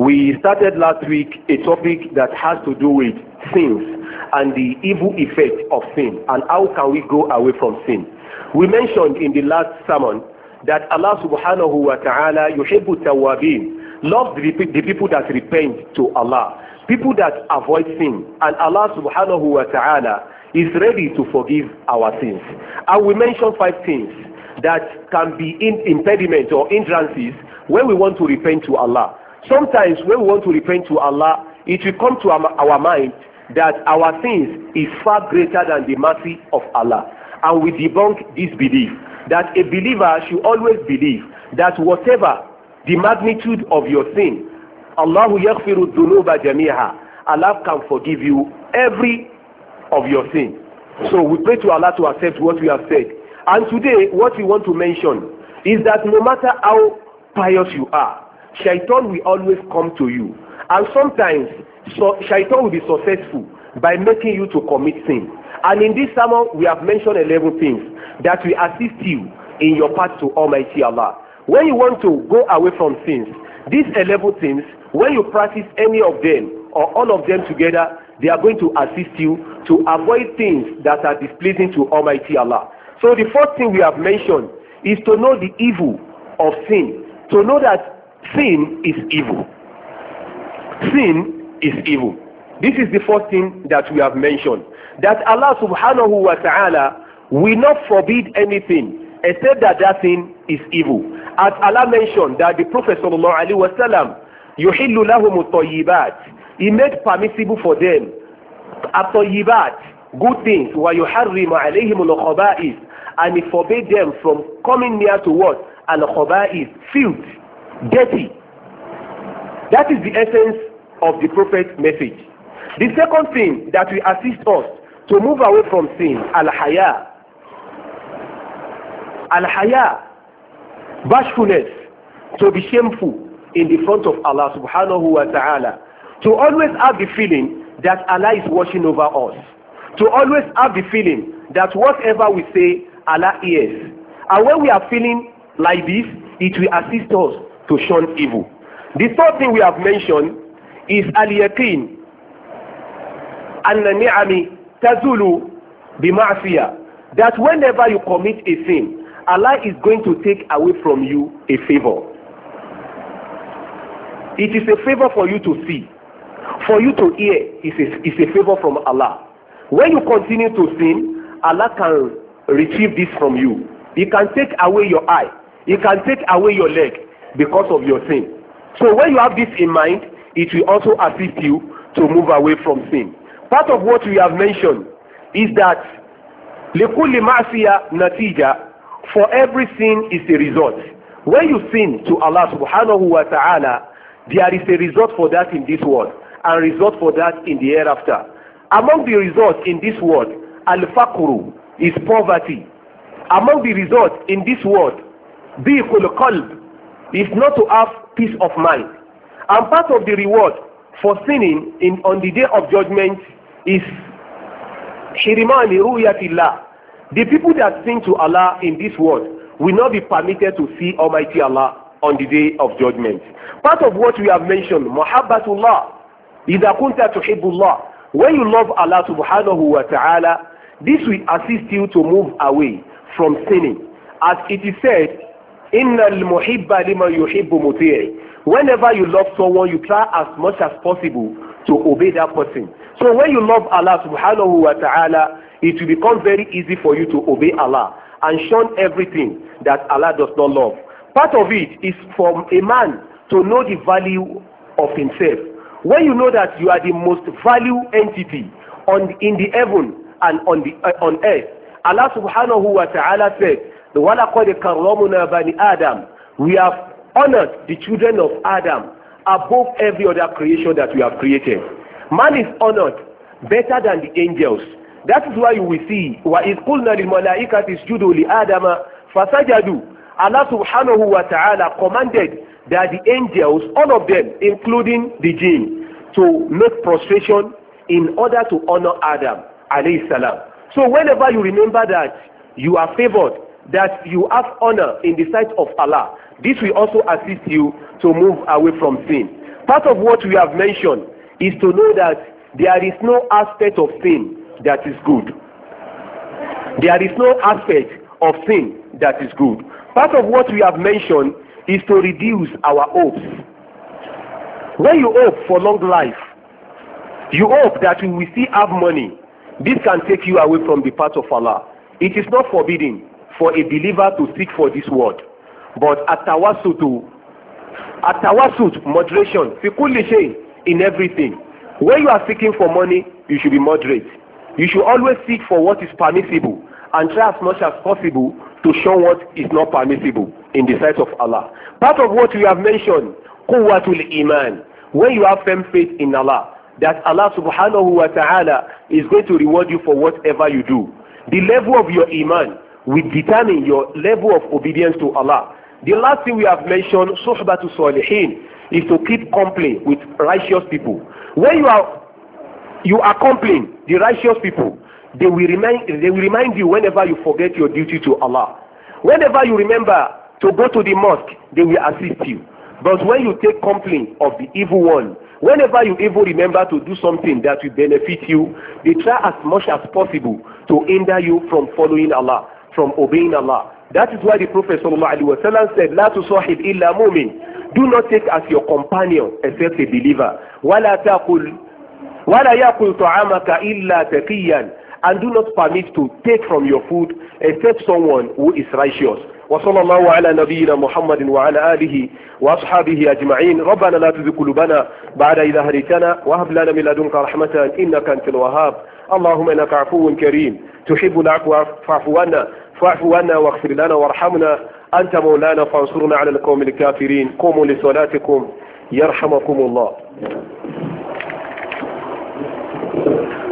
We started last week a topic that has to do with sins and the evil effect of sin and how can we go away from sin. We mentioned in the last sermon that Allah subhanahu wa ta'ala yuhibbu tawabin Love the, the people that repent to Allah, people that avoid sin, and Allah subhanahu wa ta'ala is ready to forgive our sins. I will mention five things that can be in impediment or hindrances when we want to repent to Allah. Sometimes when we want to repent to Allah, it will come to our, our mind that our sins is far greater than the mercy of Allah. And we debunk this belief that a believer should always believe that whatever the magnitude of your sin allahu yaghfiru dhunuba jamiha allah can forgive you every of your sin so we pray to allah to accept what we have said and today what we want to mention is that no matter how pious you are shaitan will always come to you and sometimes so shaitan will be successful by making you to commit sin and in this sermon we have mentioned eleven things that will assist you in your path to almighty allah when you want to go away from sins, these eleven things when you practice any of them or all of them together they are going to assist you to avoid things that are displeasing to Almighty Allah so the first thing we have mentioned is to know the evil of sin to know that sin is evil sin is evil this is the first thing that we have mentioned that Allah subhanahu wa ta'ala will not forbid anything except that that thing is evil as Allah mentioned that the Prophet sallallahu alaihi wasallam yuhillu lahum at-tayyibat he made permissible for them at-tayyibat good things wa yuharrimu alayhim al-khaba'ith and he forbade them from coming near to what al-khaba'ith filth dirty that is the essence of the prophet's message the second thing that will assist us to move away from sin al-haya al-haya bashfulness to be shameful in the front of Allah subhanahu wa ta'ala to always have the feeling that Allah is watching over us to always have the feeling that whatever we say Allah hears and when we are feeling like this it will assist us to shun evil the third thing we have mentioned is al-yaqeen anna tazulu bi ma'siyah that whenever you commit a sin Allah is going to take away from you a favor. It is a favor for you to see. For you to hear is a, is a favor from Allah. When you continue to sin, Allah can retrieve this from you. He can take away your eye. He can take away your leg because of your sin. So when you have this in mind, it will also assist you to move away from sin. Part of what we have mentioned is that لكل معصية نتيجة For every sin is a result. When you sin to Allah subhanahu wa ta'ala, there is a result for that in this world and result for that in the hereafter. Among the results in this world, al-faqru is poverty. Among the results in this world, biqul qalb is not to have peace of mind. And part of the reward for sinning in, on the day of judgment is hirimani ruyatillah The people that sing to Allah in this world will not be permitted to see Almighty Allah on the day of judgment. Part of what we have mentioned, Muhabbatullah, إذا كنت تحب الله, when you love Allah subhanahu wa ta'ala, this will assist you to move away from sinning. As it is said, إن المحب لمن يحب مطيع. Whenever you love someone, you try as much as possible to obey that person. So when you love Allah subhanahu wa ta'ala, it will become very easy for you to obey Allah and shun everything that Allah does not love. Part of it is for a man to know the value of himself. When you know that you are the most valued entity on in the heaven and on the uh, on earth, Allah subhanahu wa ta'ala said, the وَلَقَدْ كَرَّمُنَا bani Adam." We have honored the children of Adam above every other creation that we have created. Man is honored better than the angels That is why we see wa idh qulna lil malaikati isjudu li Adama fasajadu. Allah subhanahu wa ta'ala commanded that the angels, all of them, including the jinn, to make prostration in order to honor Adam alayhi salam. So whenever you remember that you are favored, that you have honor in the sight of Allah, this will also assist you to move away from sin. Part of what we have mentioned is to know that there is no aspect of sin that is good. There is no aspect of sin that is good. Part of what we have mentioned is to reduce our hopes. When you hope for long life, you hope that you will still have money. This can take you away from the path of Allah. It is not forbidden for a believer to seek for this world. But atawasutu, atawasut, moderation, fi kulli shay, in everything. When you are seeking for money, you should be moderate. You should always seek for what is permissible and try as much as possible to shun what is not permissible in the sight of Allah. Part of what we have mentioned, kuwatul Iman, when you have firm faith in Allah, that Allah subhanahu wa ta'ala is going to reward you for whatever you do. The level of your Iman will determine your level of obedience to Allah. The last thing we have mentioned, Suhbatul Salihin, is to keep company with righteous people. When you are you are complaining the righteous people they will remind they will remind you whenever you forget your duty to Allah whenever you remember to go to the mosque they will assist you but when you take complaint of the evil one whenever you even remember to do something that will benefit you they try as much as possible to hinder you from following Allah from obeying Allah that is why the prophet sallallahu alaihi wasallam said la tusahib illa mu'min do not take as your companion except a believer wala taqul وَلَا يَأْكُلْ طَعَامَكَ إِلَّا تَقِيًّا And do not permit to take from your food except someone who is righteous. وصلى الله على نبينا محمد وعلى آله وأصحابه أجمعين ربنا لا تزغ قلوبنا بعد إذا هديتنا وهب لنا من لدنك رحمة إنك أنت الوهاب اللهم إنك عفو كريم تحب العفو فاعف عنا فاعف عنا واغفر لنا وارحمنا أنت مولانا فانصرنا على القوم الكافرين قوموا لصلاتكم يرحمكم الله Thank you.